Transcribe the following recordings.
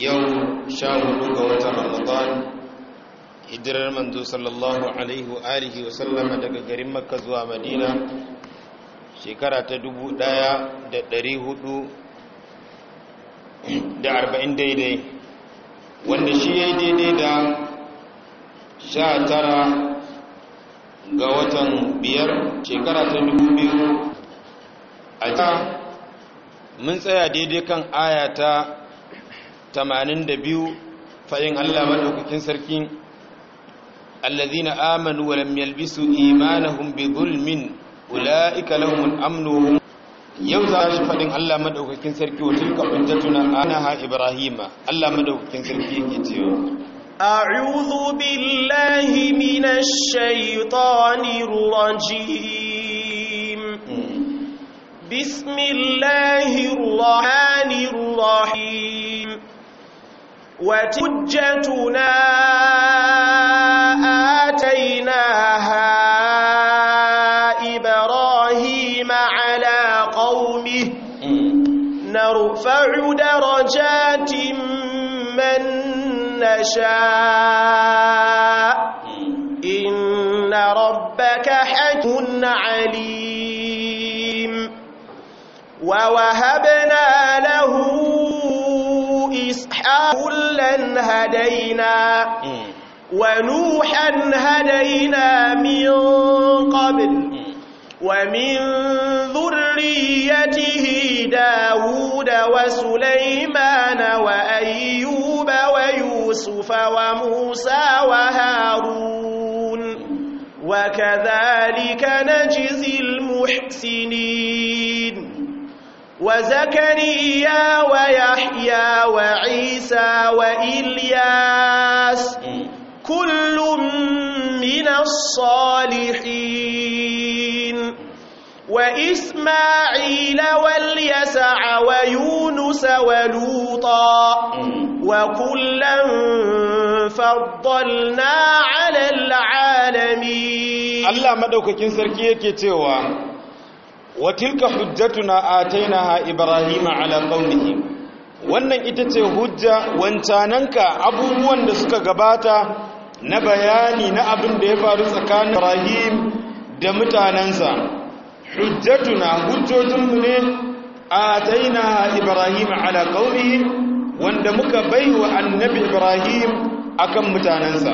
yau sha hudu ga watan ramadan hijirar manzo sallallahu alaihi wa alihi wa sallama daga garin makka zuwa madina shekara ta dubu daya da dari hudu da arba'in daidai wanda shi ya yi daidai da sha tara ga watan biyar shekara ta dubu biyu a ta mun tsaya daidai kan ayata 82 fayin Allah madaukakin sarki allazina amanu wa lam yalbisu imanahum bi zulmin ulaika lahum al-amnu yau za shi fadin Allah madaukakin sarki wa tilka hujjatuna anaha ibrahima Allah madaukakin sarki yake cewa a'udhu billahi minash shaitanir rajim bismillahir rahmanir rahim وحجتنا آتيناها إبراهيم على قومه نرفع درجات من نشاء إن ربك حكم عليم ووهبنا كلا هدينا ونوحا هدينا من قبل ومن ذريته داود وسليمان وأيوب ويوسف وموسى وهارون وكذلك نجزي المحسنين وزكريا ويحيى وعيسى وإلياس كل من الصالحين وإسماعيل واليسع ويونس ولوطا وكلا فضلنا على العالمين الله مدوككين سركي كيكي cewa وتلك حجتنا hujjatuna atainaha على قومه wannan ita ce hujja wancananka abubuwan da suka gabata na bayani na abin da ya faru tsakanin ibrahim da mutanansa hujjatuna hujjojinmu ne a taina Ibrahim ala kauri wanda muka baiwa annabi ibrahim akan mutanansa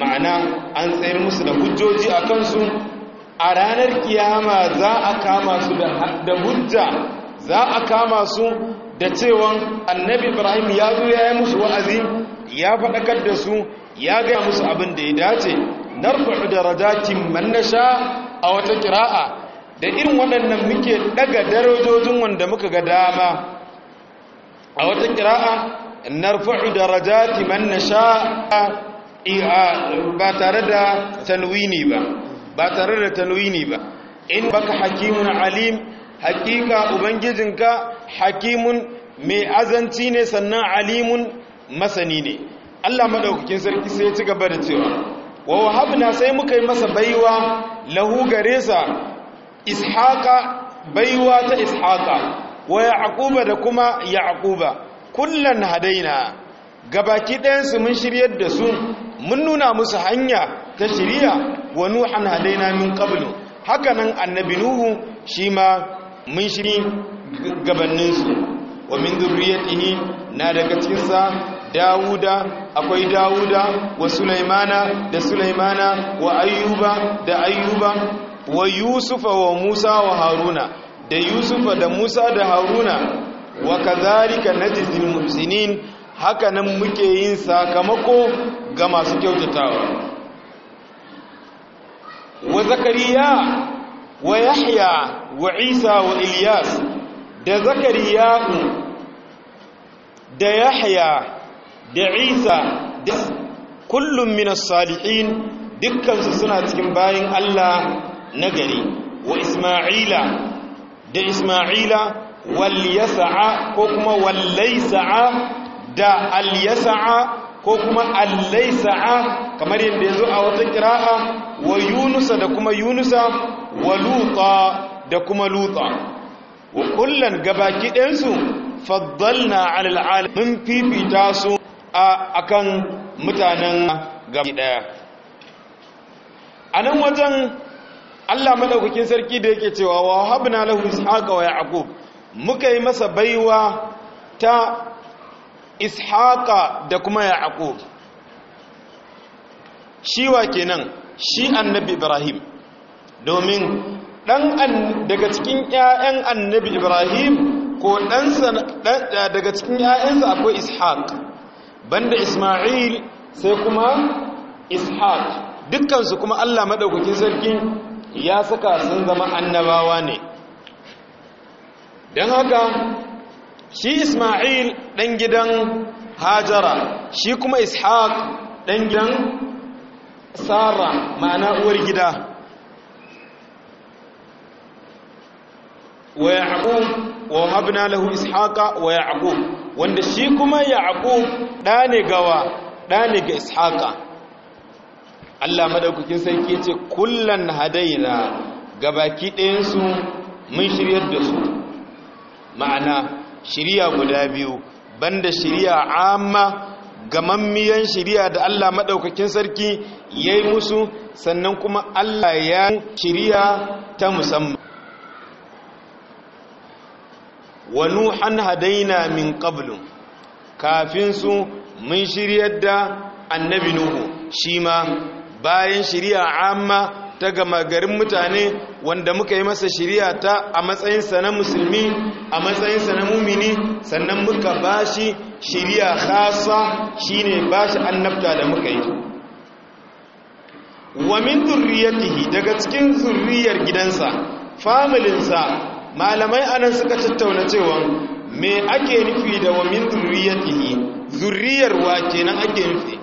ma'ana an tsayar musu da hujjoji a kansu. a ranar kiyama za a kama su da hujja za a kama su da cewa annabi ibrahim ya zo ya yi musu wa'azi ya faɗakar da su ya gaya musu abin da ya dace na rufu da man mannasha a wata kira'a da irin waɗannan muke ɗaga darajojin wanda muka ga dama a wata kira'a na da darajatin man nasha ba tare da tanwini ba ba tare da tanwini ba in baka hakimun alim hakika ubangijinka hakimun mai azanci ne sannan alimun masani ne Allah madaukakin sarki sai ya ci gaba da cewa wa wahabna sai muka yi masa baiwa lahu gare sa ishaqa baiwa ta ishaqa wa yaquba da kuma yaquba kullan hadaina gabaki ɗayan su mun shiryar da su mun nuna musu hanya ta shirya wa nuhan hadaina min qablu hakanan annabi nuhu shi ma mun shiri gabanin su wa min zurriyatihi na daga cikin sa Dawuda akwai Dawuda wa Sulaimana da Sulaimana wa Ayyuba da Ayyuba wa Yusufa wa Musa wa Haruna da yusufa da musa da haruna wa kazalika na muhsinin haka nan muke yin sakamako ga masu kyautatawa wa zakariya wa yahya wa isa wa ilyas da zakariya da yahya da isa da kullum minas salihin dukkansu suna cikin bayin allah na gari wa isma'ila da isma'ila wal yasa'a ko kuma wallai da al ko kuma Allai Sa'a kamar yadda ya zo a wata kira'a wa yunusa da kuma yunusa wa luta da kuma luta wa kullan gabaki ɗansu na alal mun fifita su a kan mutanen gabi ɗaya a nan wajen allah maɗaukakin sarki da yake cewa wa habna lahu haƙa wa yaqub muka yi masa baiwa ta ishaqa da kuma yaƙub shi wa kenan shi annabi ibrahim domin dan daga cikin ƴaƴan annabi ibrahim ko ɗansa daga cikin ƴaƴansa akwai ishaq banda isma'il sai kuma ishaq dukkansu kuma allah maɗaukakin sarki ya saka sun zama annabawa ne don haka shi isma'il ɗan gidan hajara shi kuma ishaq ɗan gidan sara ma'ana uwar gida wa yaqub wa habna lahu ishaqa wa yaqub wanda shi kuma yaqub da ne gawa da ne ga ishaqa Allah madaukakin sarki yace kullan hadaina gabaki ɗayan su mun shiryar da su ma'ana shiriya guda biyu banda shiriya amma gamammiyan shiriya da Allah maɗaukakin sarki ya yi musu sannan kuma Allah ya shiriya ta musamman wa nuhan hadaina min qablu kafin su mun shiryar da annabi nuhu shi ma bayan shiriya amma ta gama garin mutane wanda muka yi masa shiriya ta a matsayinsa na musulmi a matsayinsa na mumini sannan muka bashi shirya khasa shine bashi annabta da muka yi wa min zurriyatihi daga cikin zurriyar gidansa familinsa malamai anan suka tattauna cewa me ake nufi da wa min zurriyatihi zurriyar wa kenan ake nufi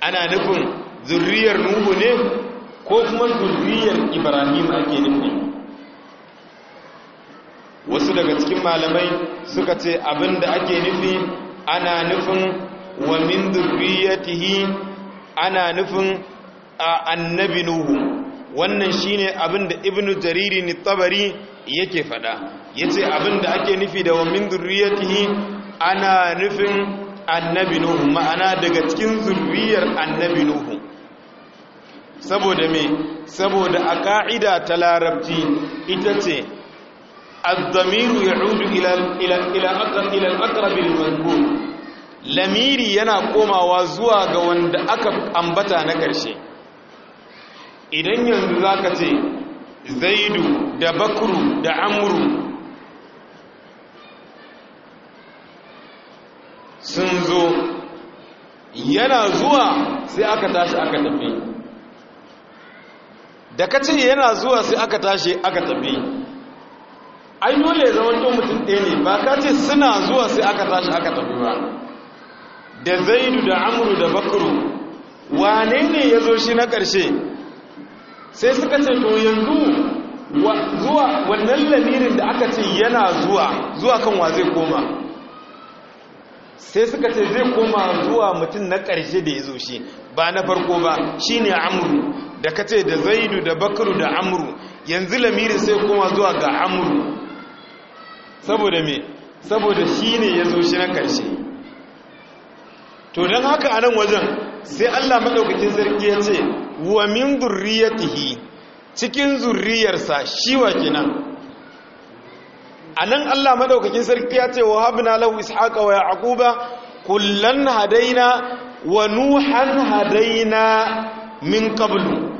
ana nufin zurriyar nuhu ne ko kuma zurriyar ibrahim ake nufi wasu daga cikin malamai suka ce abinda ake nufi ana nufin wa min zurriyatihi ana nufin a annabi nuhu wannan shine abinda ibnu jariri ni tabari yake fada yace abinda ake nufi da wa min zurriyatihi ana nufin annabi nuhu ma'ana daga cikin zurriyar annabi nuhu saboda me saboda a ka'ida ta larabci ita ce azzamiru zamiru ya'udu ilan akarabin ila lamiri yana komawa zuwa ga wanda aka ambata na ƙarshe idan yanzu zaka ce zaidu da bakru da amru sun zo yana zuwa sai aka tashi aka tafi da ka ce yana zuwa sai aka tashi aka tafi ai dole zaman to mutum ɗaya ne ba ka ce suna zuwa sai aka tashi aka tafi ba da zaidu da amuru da bakuru wane ne ya zo shi na ƙarshe sai suka ce to yanzu zuwa wannan lamirin da aka ce yana zuwa zuwa kan wa zai koma sai suka ce zai koma zuwa mutum na ƙarshe da ya zo shi ba na farko ba shi ne amuru da ka ce da zaidu da bakaru da amuru yanzu lamirin sai kuma zuwa ga amuru saboda me saboda shi ne ya zo shi na ƙarshe to don haka a nan wajen sai allah maɗaukakin sarki ya ce wa min zurriyatihi cikin zurriyarsa shi wa kenan a nan allah maɗaukakin sarki ya ce wa habna lahu ishaqa wa yaquba kullan hadaina wa nuhan hadaina min qablu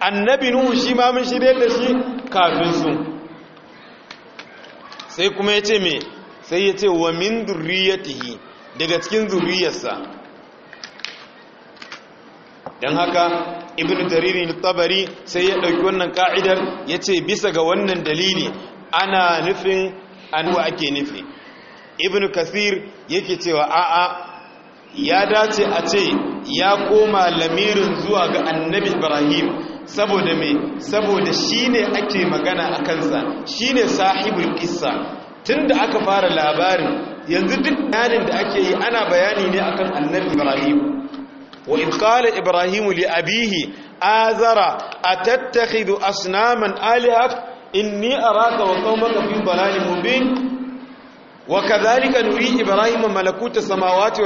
annabi nuhu shi ma mun shirye da shi kafin su sai kuma ya ce me sai ya ce wa min durriyatihi daga cikin zuriyarsa don haka ibn jaririn tabari sai ya ɗauki wannan ka'idar ya ce bisa ga wannan dalili ana nufin anuwa ake nufi ibn kasir yake cewa a'a ya dace a ce ya koma lamirin zuwa ga annabi ibrahim saboda me saboda shine ake magana a kansa shine sahibul kissa tunda aka fara labarin yanzu duk bayanin da ake yi ana bayani ne akan annabi ibrahim wa in qala ibrahim li abihi azara atattakhidhu asnaman alihat inni araka wa qaumaka fi dhalalin mubin وكذلك نري إبراهيم ملكوت السماوات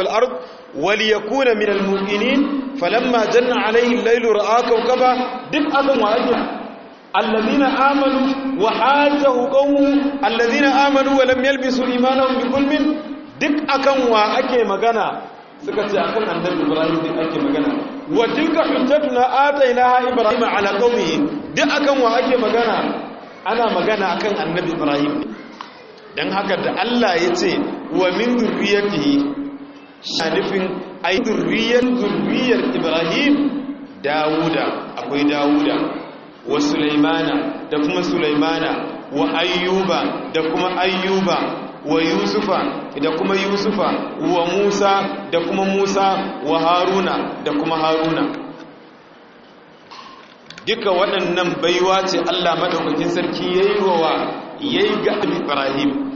waliyakuna minal mu'minin falamma janna alayhi al-laylu ra'a kawkaba dib azan wa ajin alladhina amanu wa hajahu qawmu alladhina amanu wa lam yalbisu imanahum bi kulmin dib akan wa ake magana suka ce akan annabi ibrahim ake magana wa tilka hujjatuna atainaha ibrahim ala qawmihi dib akan wa ake magana ana magana akan annabi ibrahim dan haka da Allah ya ce wa min dhurriyyatihi shi nufin ai zurriyar ibrahim dawuda akwai dawuda wa sulaimana da kuma sulaimana wa ayyuba da kuma ayyuba wa yusufa da kuma yusufa wa musa da kuma musa wa haruna da kuma haruna duka waɗannan baiwa ce allah maɗaukakin sarki ya yi wa ya yi ga ibrahim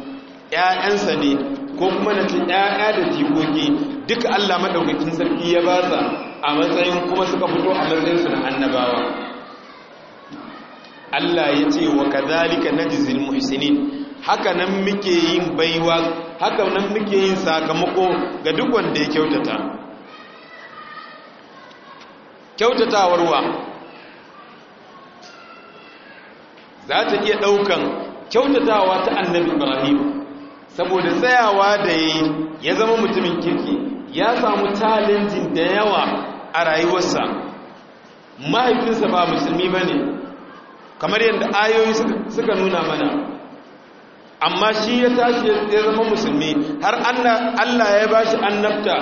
‘ya'yansa ne ko kuma na ce 'ya'ya da jikoki duka Allah madaukakin sarki ya ba sa a matsayin kuma suka fito a matsayin su na annabawa Allah ya ce wa kadhalika najzil muhsinin haka nan muke yin baiwa haka nan muke yin sakamako ga duk wanda ya kyautata kyautatawar wa za ta iya ɗaukan kyautatawa ta annabi ibrahim saboda tsayawa da ya yi ya zama mutumin kirki ya samu talentin da yawa a rayuwarsa mahaifinsa ba musulmi ba ne kamar yadda ayoyi suka nuna mana amma shi ya tashi ya zama musulmi har allah ya ba shi annabta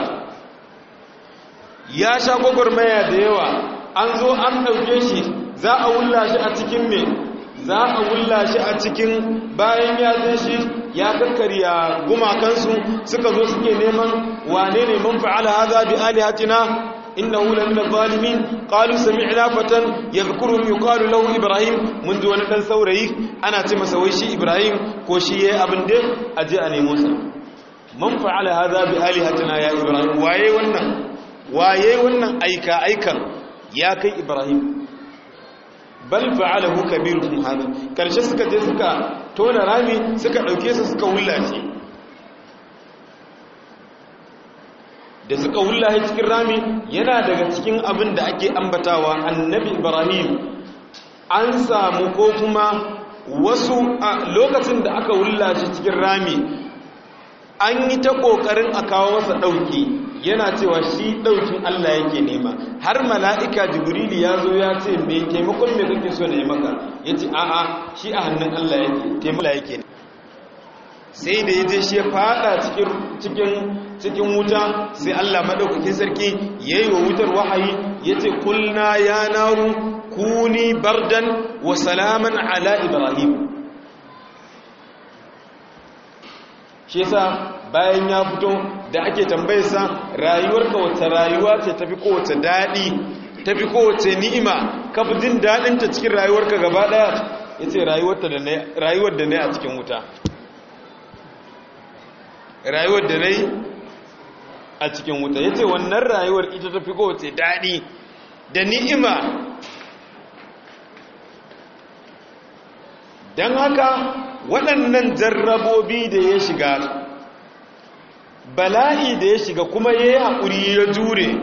ya sha gwagwarmaya da yawa an zo an ɗauke shi za a wulla shi a cikin mai za a wulla shi a cikin bayan ya shi ya karkarya gumakansu suka zo suke neman wane ne man fa'ala hadha bi alihatina innahu lamin zalimin qalu sami'na fatan yadhkuruhum yuqalu lahu ibrahim mun ji wani dan saurayi ana ce masa wai shi ibrahim ko shi yayi abin da aje a nemo sa man fa'ala hadha bi alihatina ya ibrahim waye wannan waye wannan aika aikan ya kai ibrahim bal fa'alahu kabirun hada karshe suka je suka tona rami suka dauke su suka wullace da suka wullace cikin rami yana daga cikin abin da ake ambatawa annabi ibrahim an samu ko kuma wasu a lokacin da aka wullace cikin rami an yi ta kokarin a kawo masa dauki yana cewa shi ɗaukin Allah yake nema har mala'ika jibrili ya zo ya ce me taimakon me kake so ne maka ya a a'a shi a hannun Allah yake taimala yake sai da ya je shi ya fada cikin wuta sai Allah maɗaukakin sarki yayi wa wutar wahayi yace kulna ya naru kuni bardan wa salaman ala ibrahim shi sa bayan ya fito da ake tambayarsa rayuwarka wata rayuwa ce tafi kowace daɗi tafi kowace ni'ima ka fi jin daɗinta cikin rayuwarka gaba ɗaya ya ce rayuwar da na a cikin wuta rayuwar da na yi a cikin wuta ya ce wannan rayuwar ita tafi kowace daɗi da ni'ima don haka waɗannan jarrabobi da ya shiga bala'i da ya shiga kuma ya yi haƙuri ya jure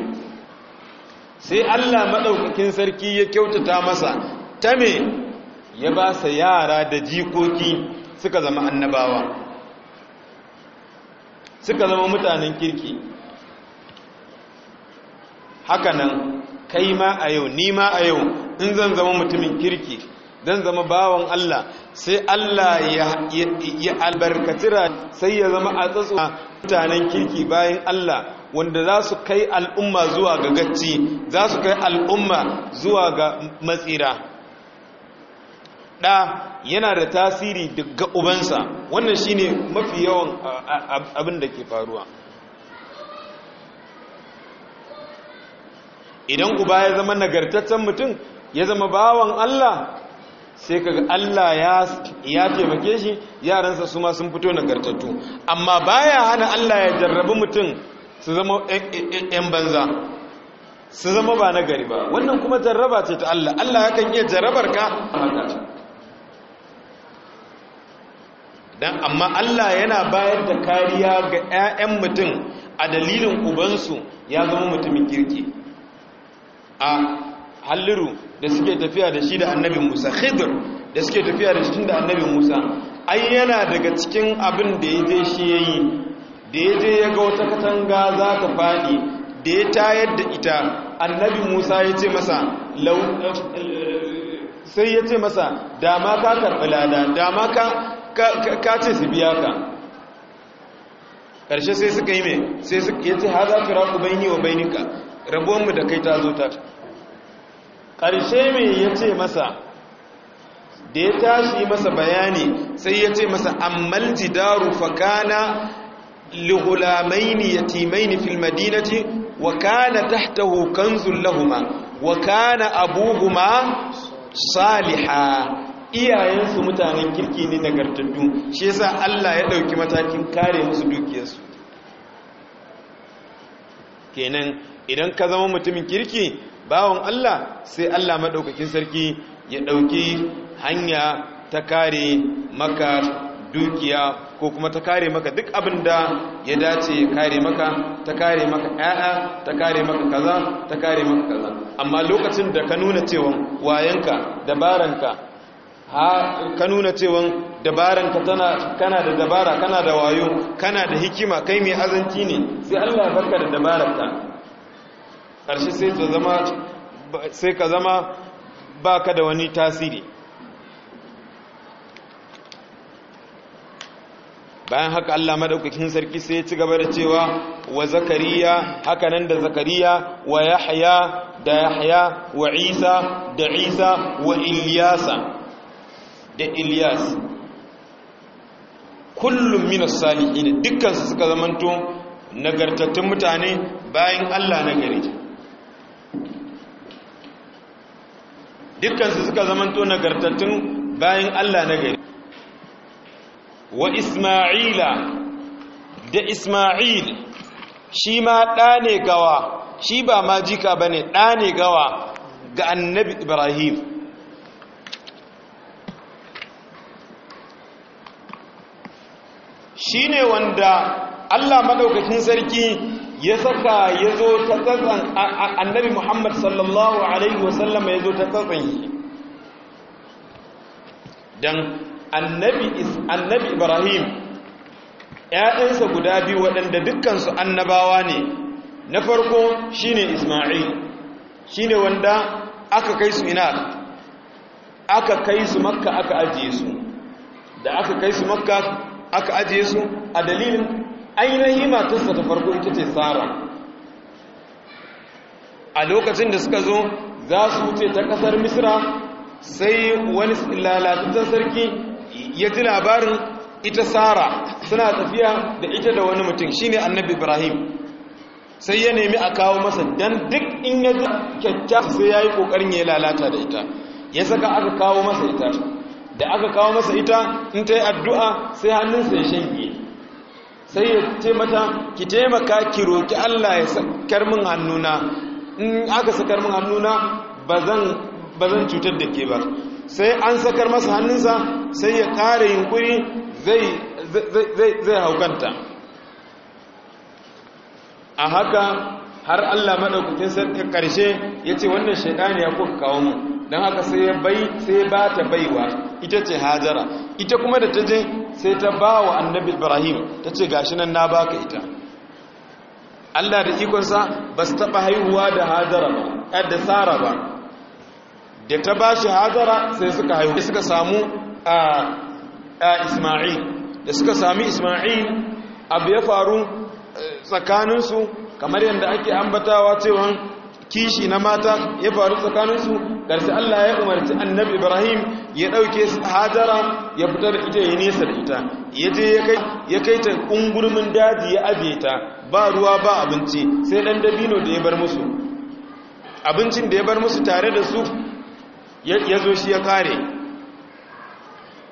sai allah maɗaukakin sarki ya kyautata masa ta me ya ba sa yara da jikoki suka zama annabawa suka zama mutanen kirki hakanan kai ma a yau ni ma a yau in zan zama mutumin kirki dan zama bawan Allah sai Allah ya albarkatira sai ya zama a tsatsu mutanen kirki bayan Allah wanda za su kai al'umma zuwa ga gacci za su kai al'umma zuwa ga matsira ɗa yana da tasiri daga ubansa wannan shine mafi yawan abin da ke faruwa idan uba ya zama nagartaccen mutum ya zama bawan Allah sai kaga Allah ya taimake shi yaransa su ma sun fito nagartattu amma baya hana Allah ya jarrabi mutum su zama yan banza su zama ba na gari ba wannan kuma jarraba ce ta Allah Allah yakan iya jarrabar ka dan amma Allah yana bayar da kariya ga 'ya'yan mutum a dalilin ubansu ya zama mutumin kirki a halliru da suke tafiya da shi da annabi musa khidr da suke tafiya da shi da annabi musa ai yana daga cikin abin da ya je shi ya yi da ya je ya ga wata katanga za ta faɗi da ya tayar da ita annabi musa ya ce masa sai ya ce masa dama ka karɓi lada dama ka ce su biya ka ƙarshe sai suka yi mai sai suka ta haza firaku ni wa bai ka rabuwanmu da kai ta zo ta ƙarshe mai ya ce masa da ya tashi masa bayani sai ya ce masa ammal jidaru fakana lihulamaini yatimaini fil Wakana, wa kana ta hukan lahuma wa kana abuhuma saliha iyayensu mutanen kirki ne nagartattu shi yasa Allah ya ɗauki matakin kare musu dukiyarsu kenan idan ka zama mutumin kirki bawon Allah sai Allah maɗaukakin sarki ya ɗauki hanya ta kare maka dukiya ko kuma ta kare maka duk abin da ya dace kare maka ta kare maka ƴaƴa ta kare maka kaza ta kare maka kaza amma lokacin da ka nuna cewon wayanka dabaranka ha ka nuna cewon dabaranka tana kana da dabara kana da wayo kana da hikima kai mai azanci ne sai Allah ya barka da dabaranka. ƙarshe sai ka zama sai ka zama da wani tasiri bayan haka Allah madaukakin sarki sai ya ci gaba da cewa wa zakariya haka nan da zakariya wa yahya da yahya wa isa da isa wa ilyasa da ilyas kullum minas salihin dukkan su suka zamanto nagartattun mutane bayan Allah nagari dukkansu suka zamanto nagartattun bayan Allah na gari wa Isma'ila da Isma'il shi ma ɗa ne gawa shi ba ma jika ba ne ɗa ne gawa ga annabi Ibrahim shi ne wanda Allah maɗaukakin sarki ya saka ya zo ta tsatsan annabi muhammad sallallahu alaihi wasallam ya zo ta tsatsan shi don annabi ibrahim ‘ya'yansa guda biyu waɗanda dukkansu annabawa ne na farko shine ismail shine wanda aka kai su ina aka kai su makka aka ajiye su da aka kai su makka aka ajiye su a dalilin ainihin matarsa ta farko ita ce tsara a lokacin da suka zo za su wuce ta kasar misra sai wani lalatattun sarki ya ji labarin ita tsara suna tafiya da ita da wani mutum shine annabi ibrahim sai ya nemi a kawo masa don duk in ya ji kyakkya sai ya yi ƙoƙarin ya lalata da ita ya saka aka kawo masa ita da aka kawo masa ita in ta yi addu'a sai hannunsa ya shange sai ya taimata ki taimaka ki roki Allah ya sakar min hannuna in aka sakar min hannuna ba zan cutar da ke ba sai an sakar masa hannunsa sai ya ƙara yunkuri zai haukanta a haka har Allah maɗaukakin sarki ƙarshe ya ce wannan shaidani ya kuka kawo mu don haka sai ya ba ta baiwa ita ce hajara ita kuma da ta je sai ta ba wa annabi ibrahim ta ce gashi nan na baka ita allah da ikonsa ba su taɓa haihuwa da hadara ba eh, da tsara ba da ta ba shi hadara sai suka haihu suka samu a isma'il da suka sami isma'il abu ya faru eh, tsakaninsu kamar yadda ake ambatawa cewa kishi na mata ya faru tsakaninsu ƙarshe Allah ya umarci annabi Ibrahim ya ɗauke hajara ya fita da ita ya nesa da ita ya je ya kai ta ƙungurmin daji ya ajiye ta ba ruwa ba abinci sai ɗan dabino da ya bar musu abincin da ya bar musu tare da su ya zo shi ya kare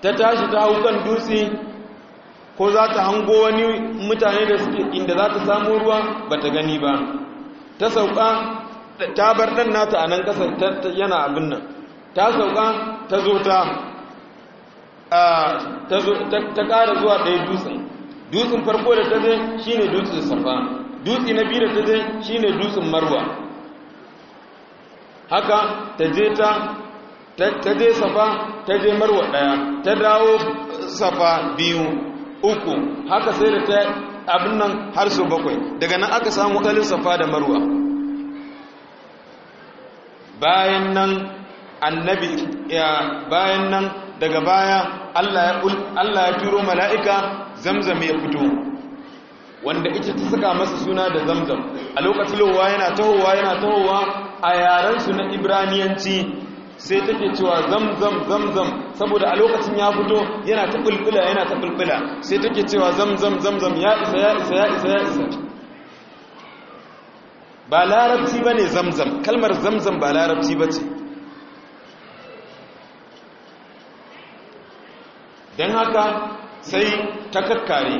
ta tashi ta hau kan dutse ko za ta hango wani mutane da suke inda za ta samu ruwa ba ta gani ba ta sauka ta bar ɗan nata a nan ƙasar yana abin nan ta sauka ta zo ta ta ƙara zuwa ɗaya dutsen dutsen farko da ta zai shi ne dutsen safa dutse na biyu da ta zai shi ne dutsen marwa haka ta je ta ta je safa ta je marwa ɗaya ta dawo safa biyu uku haka sai da ta abin nan har su bakwai daga nan aka samu kalin safa da marwa bayan nan annabi bayan nan daga baya Allah ya turo mala'ika zamzam ya fito wanda ita ta saka masa suna da zamzam a lokacin lowa yana tahowa yana tahowa a yarensu na ibraniyanci sai take cewa zamzam zamzam saboda a lokacin ya fito yana ta bulbula yana ta bulbula sai take cewa zamzam zamzam ya isa ya isa ya isa ya isa ba larabci ba ne zamzam kalmar zamzam ba larabci ba ce don haka sai ta kakkare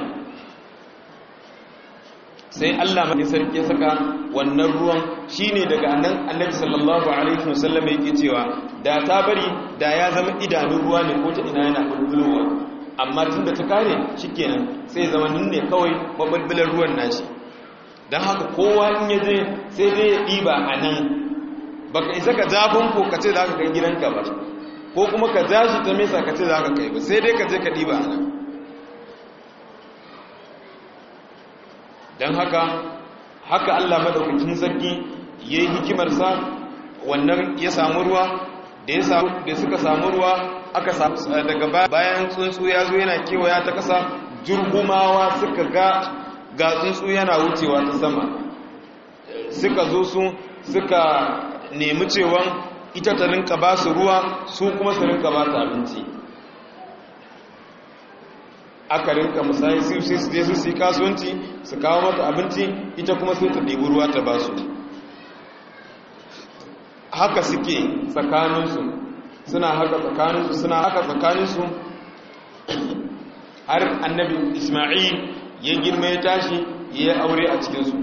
sai allah mai sarki ya saka wannan ruwan shine daga nan annabi sallallahu alaihi wasallam ke cewa da ta bari da ya zama idanun ruwa ne ko ta ina yana bulbulowa amma tun da ta kare shi kenan sai zama ne kawai babbalbilar ruwan nashi don haka kowa in ya je sai dai ya ɗiba a nan ba ka isa ka zafin ko ka ce za ka kai gidanka ba ko kuma ka ja shi ta mesa ka ce za ka kai ba sai dai ka je ka ɗiba a nan don haka haka allah maɗaukakin sarki ya yi hikimarsa wannan ya samu ruwa da suka samu ruwa aka samu daga bayan tsuntsu ya zo yana kewaya ta kasa jirgumawa suka ga ga tsuntsu yana wucewa ta sama suka zo su suka nemi cewan ita ta rinka ba su ruwa su kuma su rinka ba ta abinci aka rinka musayi su sai su je su yi kasuwanci su kawo mata abinci ita kuma sai ta ɗebi ruwa ta ba su haka suke tsakaninsu suna haka tsakaninsu suna haka tsakaninsu har annabi isma'il ya girma ya tashi ya yi aure a cikinsu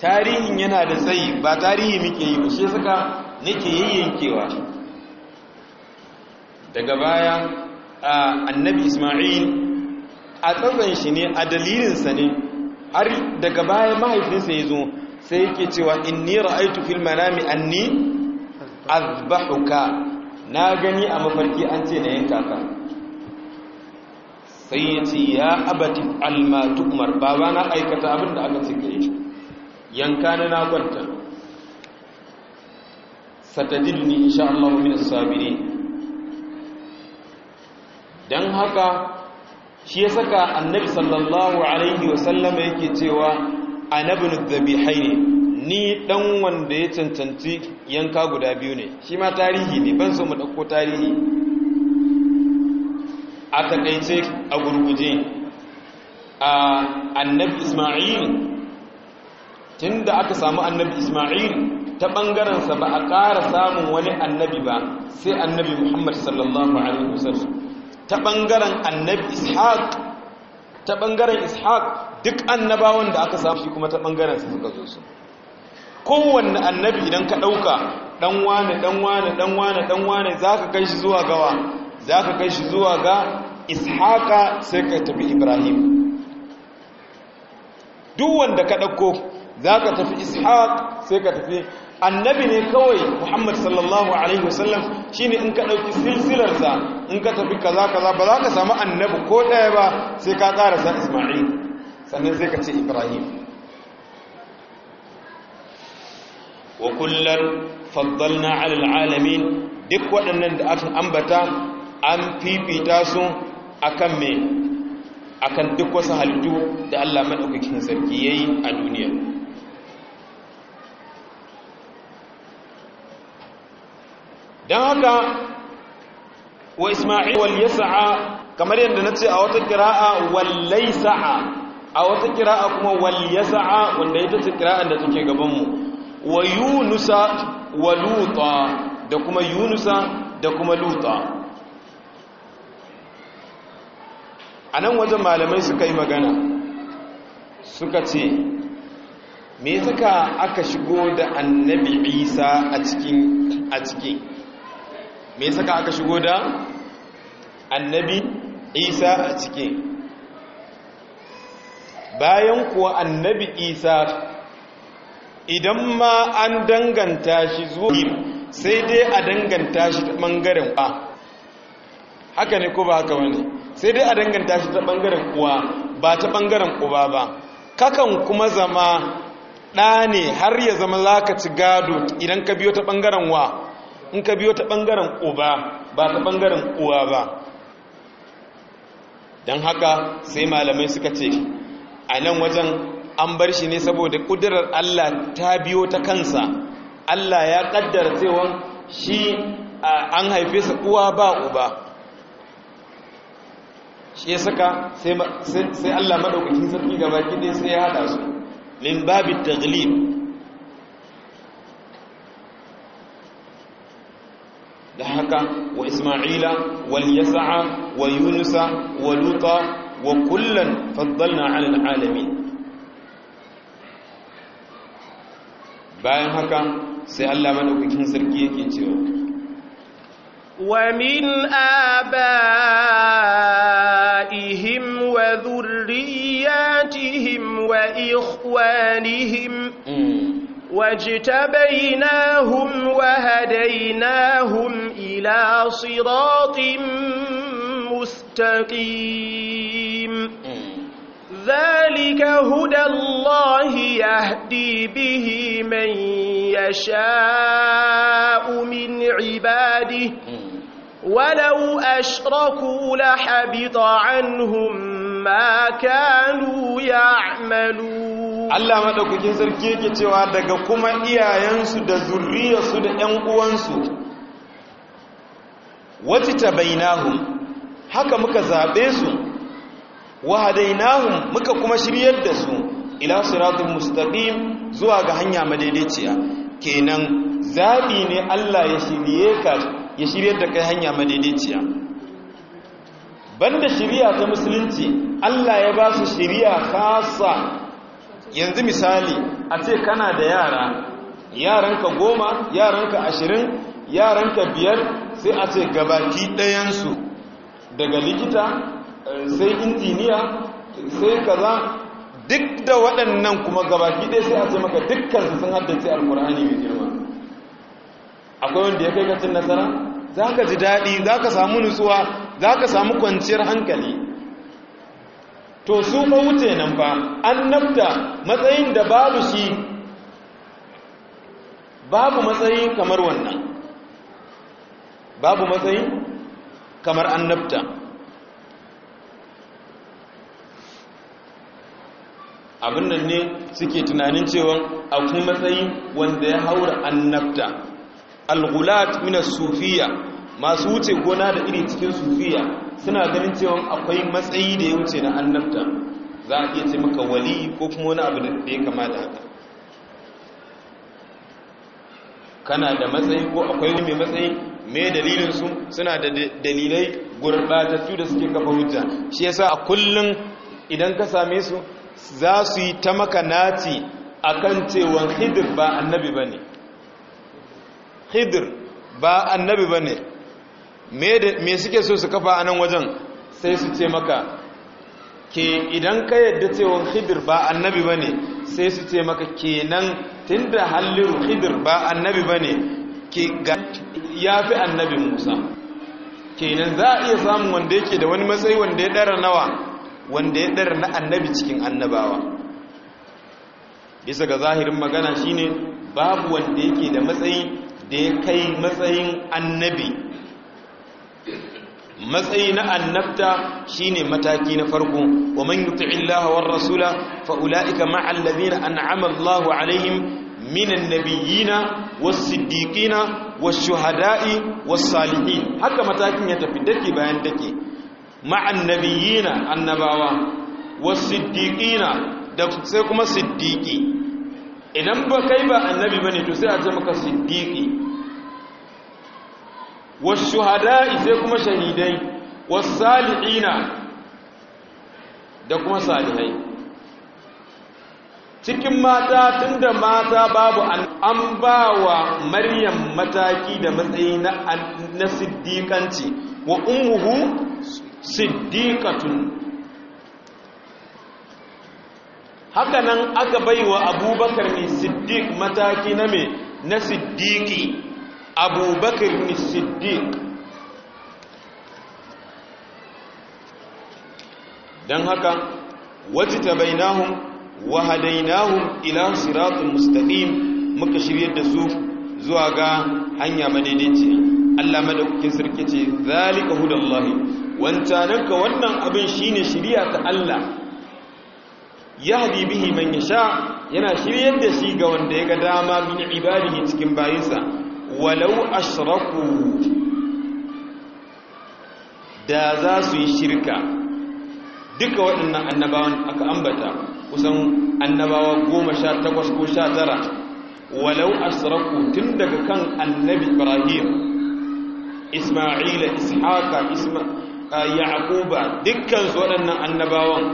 tarihin yana da tsayi ba tarihi muke yi ba shi suka nake yayyankewa daga baya annabi isma'il a tsatsan shi ne a dalilinsa ne har daga baya mahaifinsa ya zo sai yake cewa in inni ra'aitu fil manami anni azbahuka na gani a mafarki an ce na yanka ka sai ya ce ya abati almatu ba baba na aikata abin da aka cika yanka na na kwanta satadidni insha Allah min sabiri dan haka shi ya saka annabi sallallahu alaihi wa sallam yake cewa anabnu dhabihaini ni dan wanda ya cancanci yanka guda biyu ne shi ma tarihi ne ban so mu dauko tarihi Aka ɗaice a gurguje a annabi ismail tun da aka samu annabi ismail ta ɓangarensa ba a ƙara samun wani annabi ba sai annabi muhammad sallallahu alaihi wasallam ta ɓangaren annabi ishaq ta ɓangaren ishaq duk annabawan da aka samu shi kuma ta ɓangarensa suka zo su kowanne annabi idan ka ɗauka ɗanwane ɗanwane ɗanwane ɗanwane za ka kai shi zuwa gawa za ka kai shi zuwa ga ishaqa sai ka tafi ibrahim duk wanda ka ɗauko za ka tafi ishaq sai ka tafi annabi ne kawai muhammad sallallahu alaihi wasallam shi ne in ka ɗauki silsilarsa in ka tafi kaza kaza ba za ka samu annabi ko ɗaya ba sai ka ƙarasa isma'il sannan sai ka ce ibrahim wa kullum faddalna alamin duk waɗannan da aka ambata an fifita su akan me akan duk wasu halittu da Allah madaukakin sarki yayi a duniya dan haka wa isma'il wal yas'a kamar yadda na ce a wata kira'a wallai sa'a a wata kira'a kuma ya sa'a wanda ita ce kira'an da take gabanmu wa yunusa wa luta da kuma yunusa da kuma luta a nan wajen malamai suka yi magana suka ce me suka aka shigo da annabi isa a cikin a cikin me suka aka shigo da annabi isa a cikin bayan kuwa annabi isa idan ma an danganta shi zuwa sai dai a danganta shi ta ɓangaren ba haka ne ko ba haka wani sai dai a danganta shi ta ɓangaren uwa ba ta ɓangaren uba ba kakan kuma zama ɗa ne har ya zama za ci gado idan ka biyo ta ɓangaren wa in ka biyo ta ɓangaren uba ba ta ɓangaren uwa ba don haka sai malamai suka ce a nan wajen an bar shi ne saboda ƙudurar allah ta biyo ta kansa allah ya ƙaddara cewa shi an haife su uwa ba uba shi ya saka sai Allah maɗaukakin sarki baki gida sai ya haɗa su min babi taglib da haka wa isma'ila wal yasa'a wa yunusa wa luta wa kullan faddalna ala alamin bayan haka sai Allah maɗaukakin sarki yake cewa wa min aba وإخوانهم واجتبيناهم وهديناهم إلى صراط مستقيم ذلك هدى الله يهدي به من يشاء من عباده ولو أشركوا لحبط عنهم ma kanu ya'malu Allah madaukakin sarki yake cewa daga kuma iyayensu da zurriyarsu da ƴan uwansu wati bainahum haka muka zabe su wa hadainahum muka kuma shiryar da su ila siratul mustaqim zuwa ga hanya madaidaiciya kenan zabi ne Allah ya shirye ka ya shiryar da kai hanya madaidaiciya banda shiriya ta musulunci Allah ya ba su shiriya kasa. yanzu misali a ce kana da yara yaranka goma yaranka ashirin yaranka biyar sai a ce gabaki ɗayansu daga likita eh, sai injiniya sai kaza duk da waɗannan kuma gabaki ɗaya sai a ce maka dukkansu sun haddace alkur'ani mai girma akwai wanda ya kai kacin nasara za ka ji daɗi za ka samu nutsuwa za ka samu kwanciyar hankali to su ma wuce nan ba. An nafta matsayin da babu shi babu matsayi kamar wannan babu matsayi kamar nafta. abin nan ne suke tunanin cewa akwai matsayi wanda ya haura annabta al ghulat min as-sufiyya masu wuce gona da iri cikin sufiya suna ganin cewa akwai matsayi da ya wuce na annabta za a iya ce maka wali ko kuma wani abu da ya kama da haka kana da matsayi ko akwai wani mai matsayi mai dalilin su suna da dalilai gurbatattu da suke kafa hujja shi yasa a kullum idan ka same su za su yi ta maka naci akan cewa hidir ba annabi bane hidir ba annabi bane me suke so su kafa anan wajen sai su ce maka ke idan ka yadda cewa hidir ba annabi ba ne sai su ce maka Ke nan tun da hallin hidir ba annabi ba ne ke ya fi annabi musa Ke nan za a iya samun wanda yake da wani matsayi wanda ya ɗara nawa wanda ya ɗara na annabi cikin annabawa bisa ga zahirin magana shine babu wanda yake da matsayi da ya kai matsayin annabi matsayi na annabta shine mataki na farko wa man yuti'illaha war rasula fa ulaika ma'al ladina an'ama Allahu alaihim minan nabiyina was-siddiqina wash-shuhada'i was-salihin haka matakin ya tafi dake bayan dake ma'an nabiyina annabawa was-siddiqina da sai kuma siddiqi idan ba kai ba annabi bane to sai a ce maka siddiqi wasu shuhada'i sai kuma shahidai wasu sali'ina da kuma salihai cikin mata tunda mata babu an ba wa maryam mataki da matsayi na siddiqanci wa siddiqatun Haka nan aka bai wa abubakar mai siddiq mataki na me na siddiƙi abubakar siddiq don haka wajen tabainahun wahadainahun ila siratun mustaqim muka shirya da su zuwa ga hanya madaidaici Allah madaukakin sarki ce zalika hudallahi wancananka wannan abin shine shiriya ta Allah ya bihi man yasha yana shiryar da shi ga wanda ya ga dama min ibadihi cikin bayinsa walau ashraku da za su yi shirka duka waɗannan annabawan aka ambata kusan annabawa goma sha takwas ko sha tara walau ashraku tun daga kan annabi ibrahim isma'ila ishaqa yaquba dukkan su waɗannan annabawan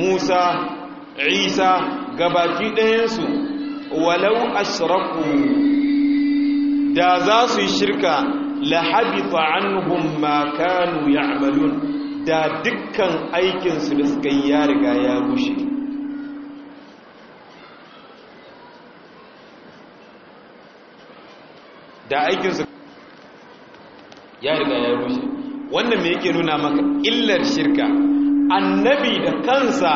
musa isa gabaki ɗayansu walau ashraku da za su yi shirka lahabita anhum ma kanu ya'malun da dukkan aikinsu da suka yi ya riga ya gushe da aikinsu ya riga ya rushe wannan me yake nuna maka illar shirka annabi da kansa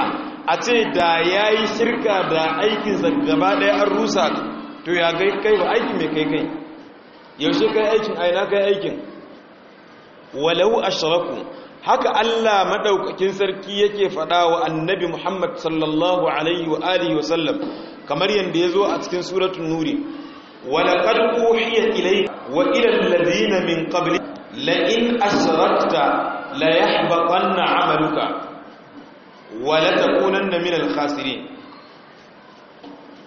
a ce da ya yi shirka da aikinsa gaba ɗaya an rusa to ya kai kai ba aiki mai kai kai yaushe kai aikin aina kai aikin walau ashraku haka Allah madaukakin sarki yake faɗa wa annabi Muhammad sallallahu alaihi wa alihi wa sallam kamar yanda yazo a cikin suratul nuri walaqad uhiya ilayka wa ila alladhina min qabli la in asrakta la yahbatanna 'amaluka wa la takunanna min al-khasirin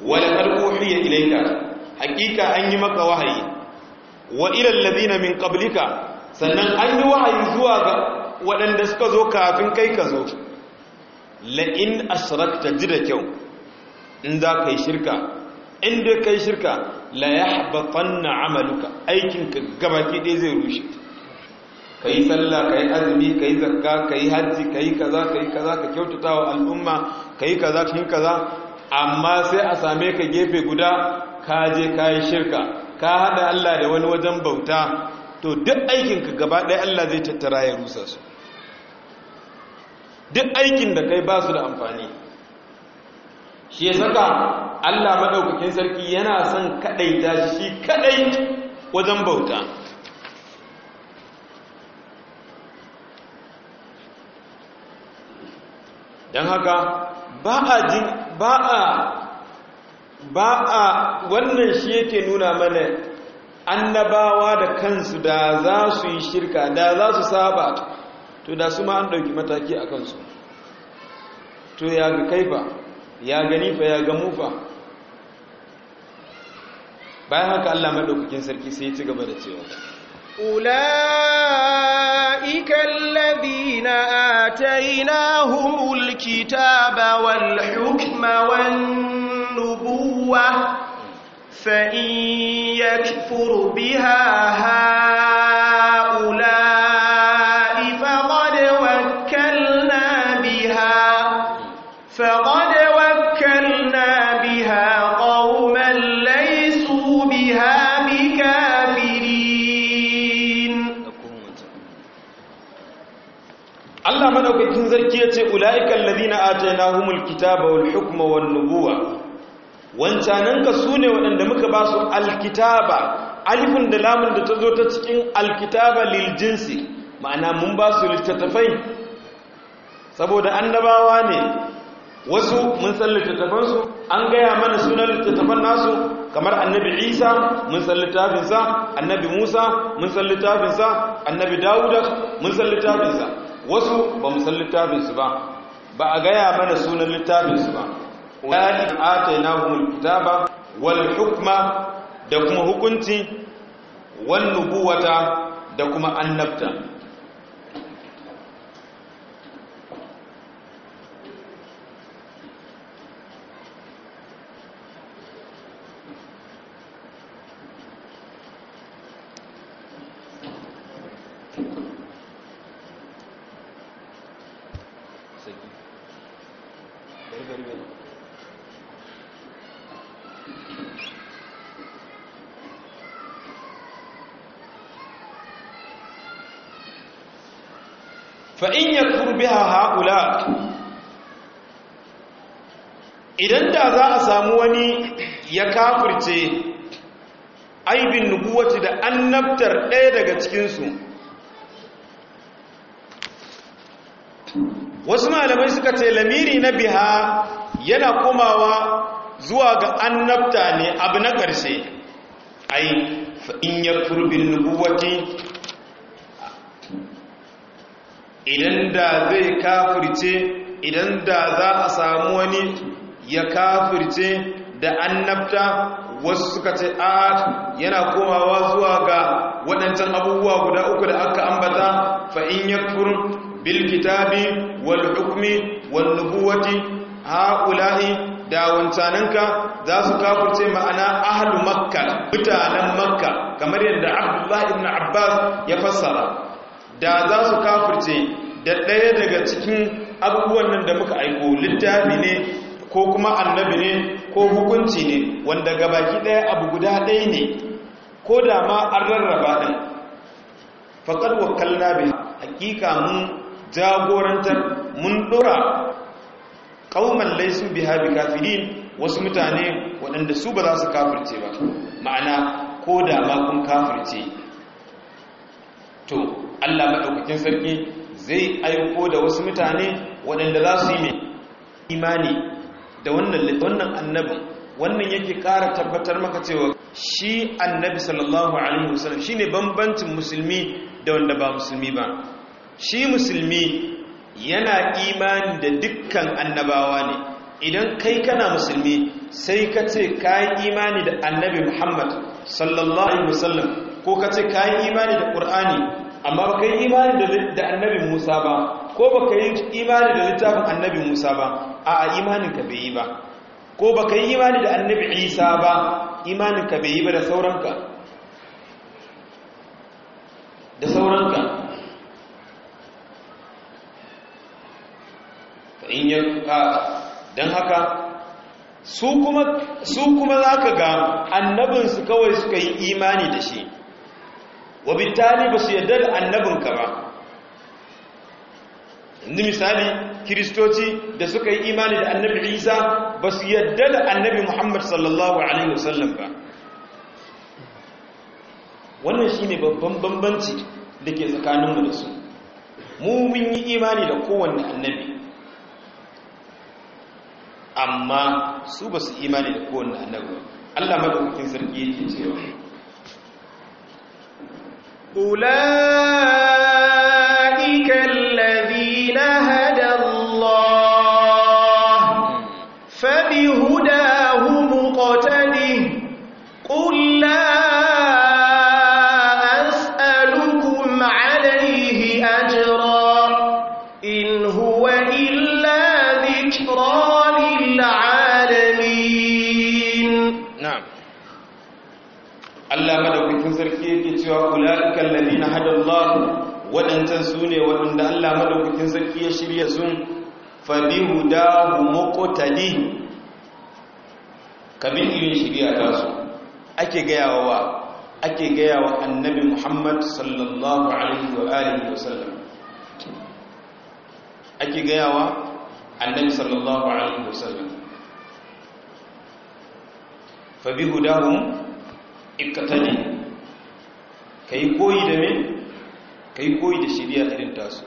walaqad uhiya ilayka hakika an yi maka wahayi wa ilal ladina min qablika sannan an yi wahayi zuwa ga waɗanda suka zo kafin kai ka zo la in asrakta jira kyau in za ka yi shirka in dai kai shirka la yahbatanna amaluka aikin ka gabaki dai zai rushe ka yi sallah ka yi azumi ka yi zakka ka yi hajji ka yi kaza ka yi kaza ka kyautata wa al'umma ka yi kaza ka kaza amma sai a same ka gefe guda ka je ka yi shirka ka haɗa Allah da wani wajen bauta to duk aikinka gaba ɗaya Allah zai tattara ya rusa su duk aikin da kai ba su da amfani shi ya saka Allah maɗaukakin sarki yana son kaɗaita shi kaɗai wajen bauta don haka ba a ba a wannan shi yake nuna mana annabawa da kansu da za su yi shirka da za su saba to da su ma an ɗauki mataki a kansu to ya ga kaifa ya gani fa ya ga mufa bayan haka Allah maɗaukakin sarki sai ya ci gaba da cewa أولئك الذين آتيناهم الكتاب والحكم النبوة فإن يكفر بها هؤلاء فقد وكلنا بها فقد وكلنا بها قوما ليسوا بها بكافرين الله مدوكتين زركيه اولئك الذين اتيناهم الكتاب والحكم والنبوه wancananka su ne waɗanda muka ba su alkitaba alifin da lamun da ta zo ta cikin alkitaba liljinsi ma'ana mun ba su littattafai saboda an dabawa ne wasu mun san littattafansu an gaya mana sunan littattafan nasu kamar annabi isa mun san littafinsa annabi musa mun san littafinsa annabi dawuda mun san littafinsa wasu ba mu san littafinsu ba ba a gaya mana sunan littafinsu ba ulaika atainahumul kitaba wal hukma da kuma hukunci wan nubuwata da kuma annabta za a samu wani ya kafirce aibin nubuwaci da annabtar ɗaya daga cikinsu wasu malamai suka ce lamiri na biha yana komawa zuwa ga annabta ne abu na ƙarshe ai in ya furbin nubuwaci idan da zai kafirce idan da za a samu wani ya kafirce da annabta wasu suka ce a yana komawa zuwa ga waɗancan abubuwa guda uku da aka ambata fa in yakfur bil kitabi wal hukmi wal nubuwati haula'i da wancaninka za su kafirce ma'ana ahlu makka mutanen makka kamar yadda abdullahi ibn abbas ya fassara da za su kafirce, da ɗaya daga cikin abubuwan nan da muka aiko littafi ne ko kuma annabi ne ko hukunci ne wanda gabaki ɗaya abu guda ɗaya ne ko da ma an rarraba ɗin faƙar wakalna bi hakika mun jagorantar mun ɗora ƙauman laisu biha haɓi kafirin wasu mutane waɗanda su ba za su kafirce ba ma'ana ko da ma kun kafirce to allah maɗaukakin sarki zai aiko da wasu mutane waɗanda za su yi mai imani da wannan annabin wannan yake kara tabbatar maka cewa shi annabi sallallahu alaihi wasallam shine bambancin musulmi da wanda ba musulmi ba shi musulmi yana imani da dukkan annabawa ne idan kai kana musulmi sai ka ce ka imani da annabi muhammad sallallahu alaihi wasallam ko ka ce ka imani da ƙur'ani amma ba kai imani da annabi musa ba ko baka yi imani da littafin annabi Musa ba a imanin ka bai yi ba ko baka yi imani da annabi Isa ba imanin ka bai yi ba da sauranka da sauranka in ya don haka su kuma za ka ga annabinsu kawai suka yi imani da shi wabitali ba su yadda da annabinka ba ni misali kiristoci da suka yi imani da annabi isa ba su yadda da annabi muhammad sallallahu alaihi wasallam ba wannan shi ne babban bambanci da ke tsakaninmu da su mu mun yi imani da kowanne annabi amma su ba su imani da kowanne annabi allah maɗaukakin sarki yake cewa waɗannan su ne waɗanda Allah maɗaukakin sarki ya shirya sun fabi hudahu muqtadi kabin irin shirya ta su ake gayawa wa ake gayawa annabi Muhammad sallallahu alaihi wa alihi wa sallam ake gayawa annabi sallallahu alaihi wa sallam fabi hudahu iqtadi kai koyi da me ka yi koyi da shirya irin tasu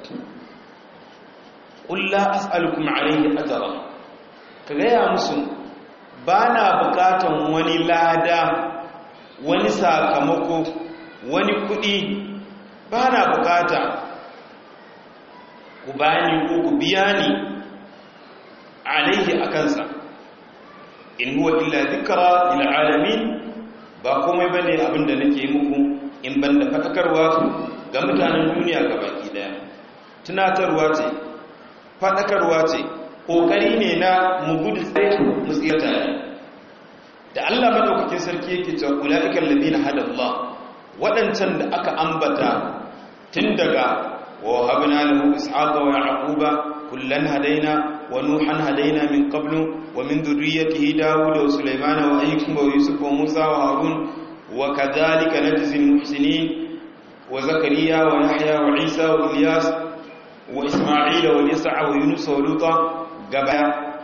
ƙulla as'alukum alaihi azara ka gaya musu ba na bukatan wani lada wani sakamako wani kuɗi ba na bukata ku bani ko ku biya ni alaihi a kansa in huwa illa zikara lil alamin ba komai bane abin da nake muku in banda fatakarwa ga mutanen duniya ga baki daya tunatarwa ce faɗakarwa ce ƙoƙari ne na mugudu tsaye mu tsiyata ne da Allah madaukakin sarki yake cewa ulaiikal ladina hada Allah wadancan da aka ambata tun daga wa habna lahu ishaqa wa yaquba kullan hadaina wa nuhan hadaina min qablu wa min dhurriyyatihi daud wa sulaimana wa ayyub wa yusuf wa musa wa harun wa kadhalika najzi al muhsinin wa zakariya wa yahya wa isa wa ilyas wa isma'ila wa isa wa yunus wa luta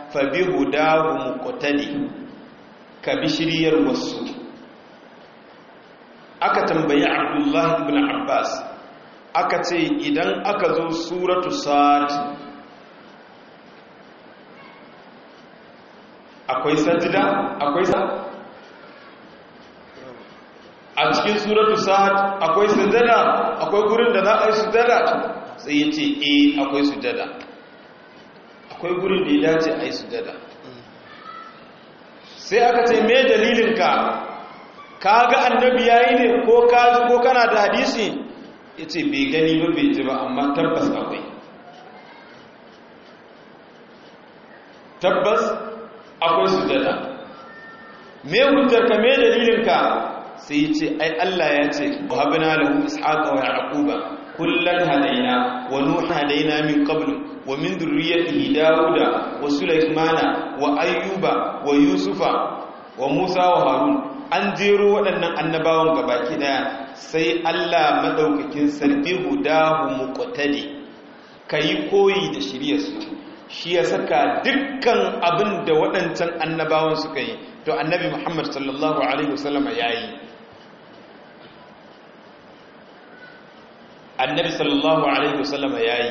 fa bi hudahu muqtadi ka bi shiriyar wasu aka tambayi abdullahi ibn abbas aka ce idan aka zo suratu sad akwai sajida a cikin suratu sa'ad akwai sujada akwai gurin da za a yi sujada sai ya ce eh akwai sujada akwai gurin da ya dace a yi sujada sai aka ce me dalilinka ka ga annabi ya yi ne ko ka ko kana da hadisi Ya ce bai gani ba bai ji ba amma tabbas akwai tabbas akwai sujada me hujjar ka me dalilin ka sai ce ai Allah ya ce habna lahu ishaqa wa yaquba kullan hadaina wa nuha hadaina min qablu wa min dhurriyyati dauda wa sulaymana wa ayyuba wa yusufa wa musa wa harun an jero waɗannan annabawan gabaki daya sai Allah madaukakin sarki hudahu muqtadi kai koyi da shiryarsu shi ya saka dukkan abin da waɗancan annabawan suka yi to annabi muhammad sallallahu alaihi wasallama ya annabi sallallahu alaihi wasallam ya yi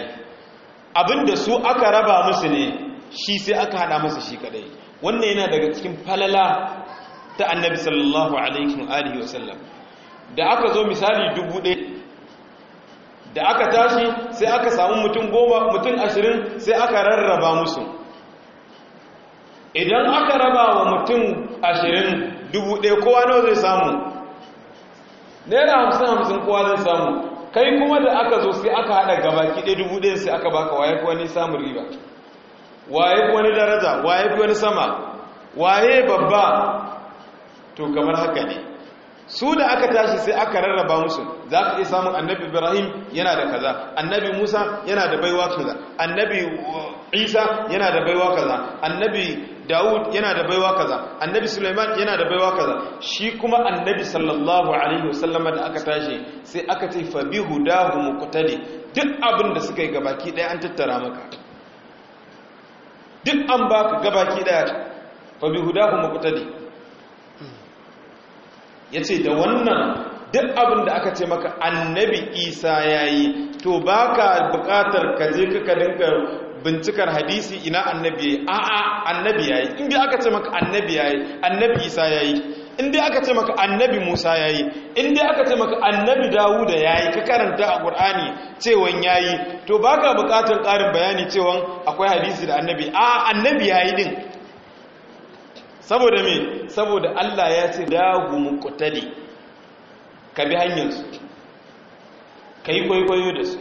abinda su aka raba musu ne shi sai aka hada musu shi kadai wannan yana daga cikin falala ta annabi sallallahu alaihi wasallam da aka zo misali dubu ɗaya da aka tashi sai aka samu mutum goma mutum ashirin sai aka rarraba musu idan aka raba wa mutum ashirin dubu ɗaya kowa nawa zai samu naira hamsin hamsin kowa zai samu kai kuma da aka zo sai aka hada gabaki ɗaya dubu ɗaya sai aka baka waye wani samun riba waye wani daraja waye wani sama waye babba to kamar haka ne su da aka tashi sai aka rarraba musu za ka iya samun annabi ibrahim yana da kaza annabi musa yana da baiwa kaza annabi uh, isa yana da baiwa kaza annabi dawud yana da baiwa kaza annabi suleiman yana da baiwa kaza shi kuma annabi sallallahu alaihi wasallam da aka tashi sai aka ce fa bi hudahu muqtadi duk abin da suka yi gabaki daya an tattara maka duk an baka gabaki daya fa bi hudahu muqtadi ya ce da wannan duk abin da aka ce maka annabi isa ya yi to ba ka bukatar ka je ka dinka bincikar hadisi ina annabi ya yi a'a annabi ya yi inda aka ce maka annabi ya yi annabi isa ya yi inda aka ce maka annabi musa ya yi inda aka ce maka annabi dawuda ya yi ka karanta a ƙur'ani cewon ya yi to ba ka bukatar ƙarin bayani cewon akwai hadisi da annabi a annabi ya yi din saboda mai saboda Allah ya ce dagu muqtadi ka bi hanyar su yi kwaikwayo da su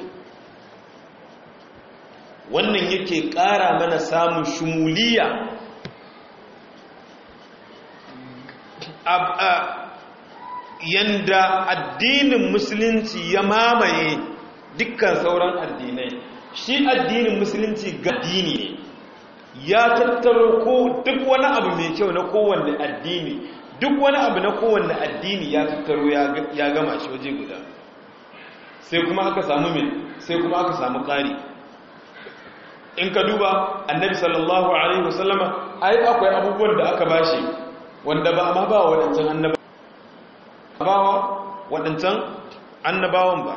wannan yake ƙara mana samun shumuliya yanda addinin musulunci ya mamaye dukkan sauran addinai shi addinin musulunci ga dini ne ya tattaro ko duk wani abu mai kyau na kowanne addini duk wani abu na kowanne addini ya tattaro ya gama shi waje guda sai kuma aka samu min sai kuma aka samu kari. in ka duba annabi sallallahu alaihi wasallama ai akwai abubuwan da aka bashi wanda ba ma ba waɗancan annabawa waɗancan annabawan ba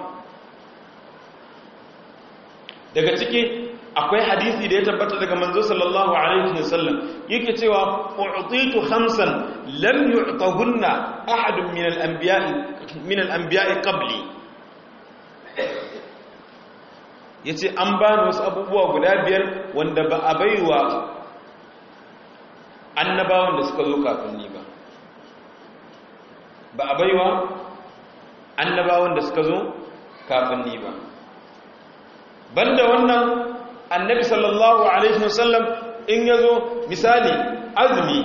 daga ciki akwai hadisi da ya tabbata daga manzo sallallahu alaihi wa wasallam yake cewa u'titu khamsan lam yu'tahunna ahadun min al-anbiya'i min al-anbiya'i qabli yace an bani wasu abubuwa guda biyar wanda ba a baiwa annabawan da suka zo kafin ni ba ba a baiwa annabawan da suka zo kafin ni ba banda wannan annabi sallallahu alaihi wasallam in yazo misali azumi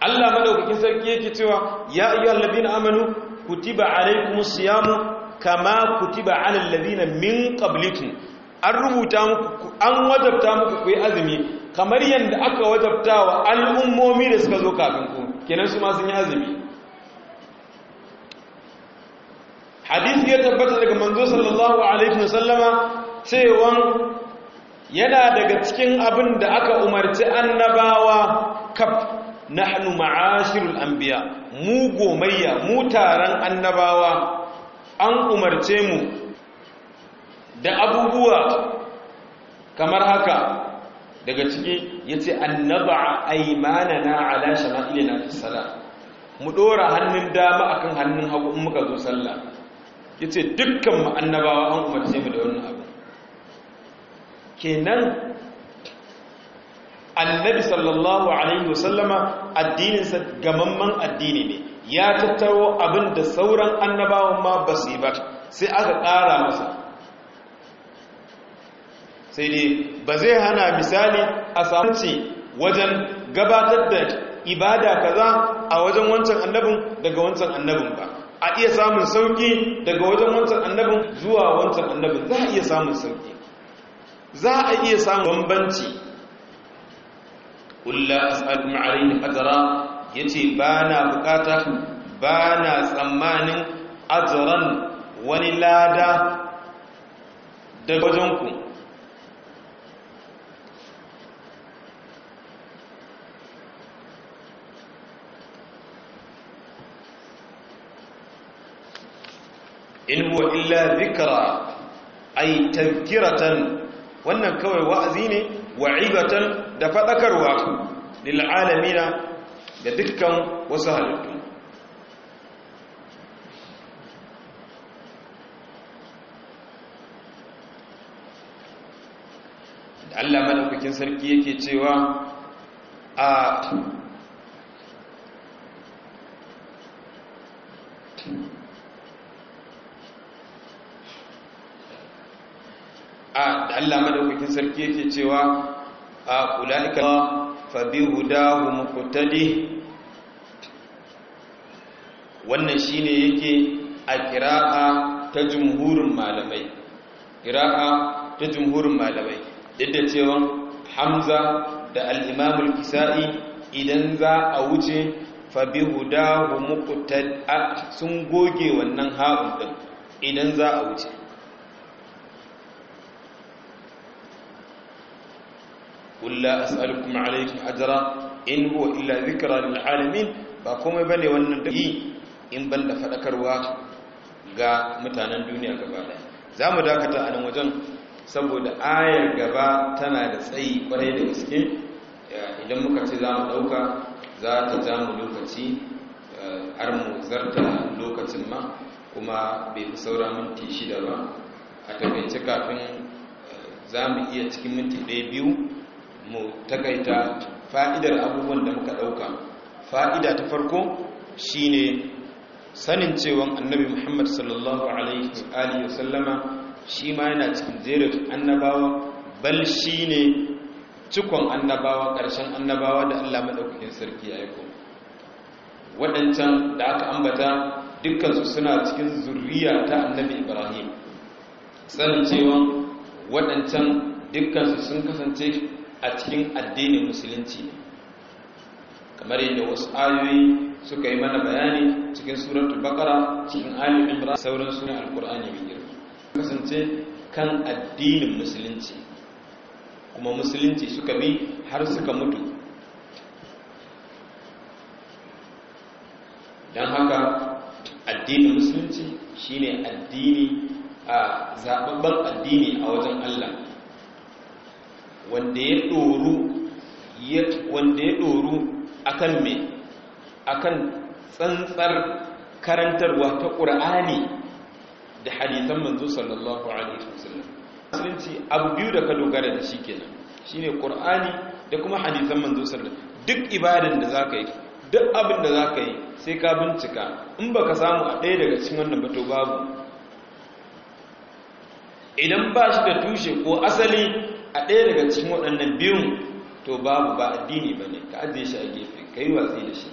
Allah madaukakin sarki yake cewa ya ayyuhal ladina amanu kutiba alaykumus siyamu kama kutiba alal ladina min qablikum an rubuta muku an wajabta muku ku azumi kamar yadda aka wajabta wa al'ummomi da suka zo kafin ku kenan su ma sun yi azumi hadisi ya tabbata daga manzo sallallahu alaihi wasallama cewan yana daga cikin abin da aka umarci annabawa kaf nahnu ma'ashirul anbiya mu gomayya mu taron annabawa an umarce mu da abubuwa kamar haka daga ciki yace annaba aymanana ala shama'ilina fi sala mu dora hannun dama akan hannun hagu in muka zo sallah yace dukkan mu annabawa an umarce mu da wannan kenan annabi sallallahu alaihi wasallama addininsa gamamman addini ne ya tattaro abin da sauran annabawan ma ba ba sai aka ƙara masa sai dai ba zai hana misali a samunci wajen gabatar da ibada kaza a wajen wancan annabin daga wancan annabin ba a iya samun sauki daga wajen wancan annabin zuwa wancan annabin za a iya samun sauki za a iya samun bambanci kulla as'alukum alayhi ajra yace ba na bukata ba na tsammanin ajran wani lada daga wajenku in huwa illa dhikra ay tadhkiratan wannan kawai wa'azi ne wa'ibatan da faɗakarwa lil'alamina da dukkan wasu halittu da Allah malaukakin sarki yake cewa a Allah madaukakin sarki yake cewa a ulaika fa bi hudahu muqtadi wannan shine yake a kira'a ta jumhurin malamai Kira'a ta jumhurin malamai yadda cewa hamza da al-imam al-kisa'i idan za a wuce fa bi hudahu muqtadi sun goge wannan haɗin din idan za a wuce قل لا as'alukum alayhi ajra in هو illa ذكرى للعالمين ba komai bane wannan da in ban da fadakarwa ga mutanen duniya gaba daya zamu dakata a nan wajen saboda ayar gaba tana da tsayi kwarai da gaske idan muka ce zamu dauka za ta ja mu lokaci har mu zarta lokacin ma kuma bai fi saura minti shida ba a takaice kafin za mu iya cikin minti ɗaya biyu mu takaita fa'idar abubuwan da muka ɗauka fa'ida ta farko shi ne sanin cewan annabi muhammad sallallahu alaihi sallama shi ma yana cikin jerin annabawa bal shi ne cikon annabawa ƙarshen annabawa da allah maɗaukakin sarki ya aiko waɗancan da aka ambata dukkansu suna cikin zurriya ta annabi ibrahim sanin cewa waɗancan dukkansu sun kasance a cikin addinin musulunci kamar yadda wasu ayoyi suka yi mana bayani cikin suratul bakara cikin ali imran sauran sunan alqur'ani mai girma kasance kan addinin musulunci kuma musulunci suka bi har suka mutu don haka addinin musulunci shine addini a zababban addini a wajen Allah wanda ya doru wanda ya doru akan me akan tsantsar karantarwa ta ƙur'ani da hadisan manzo sallallahu alaihi wasallam musulunci abu biyu da ka dogara da shi kenan shine ƙur'ani da kuma hadisan manzo sallallahu duk ibadan da zaka yi duk abin da zaka yi sai ka bincika in baka samu a ɗaya daga cikin wannan to babu idan ba shi da tushe ko asali a ɗaya daga cikin waɗannan biyun to babu ba addini ba ne ka ajiye shi a gefe ka yi watsi da shi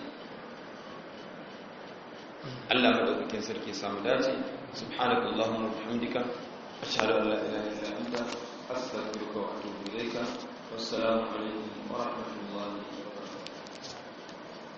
allah ɗaukakin sarki samu dace subhanahu allahumma bihamdika ashhadu an la ilaha illa anta astaghfiruka wa wa rahmatullahi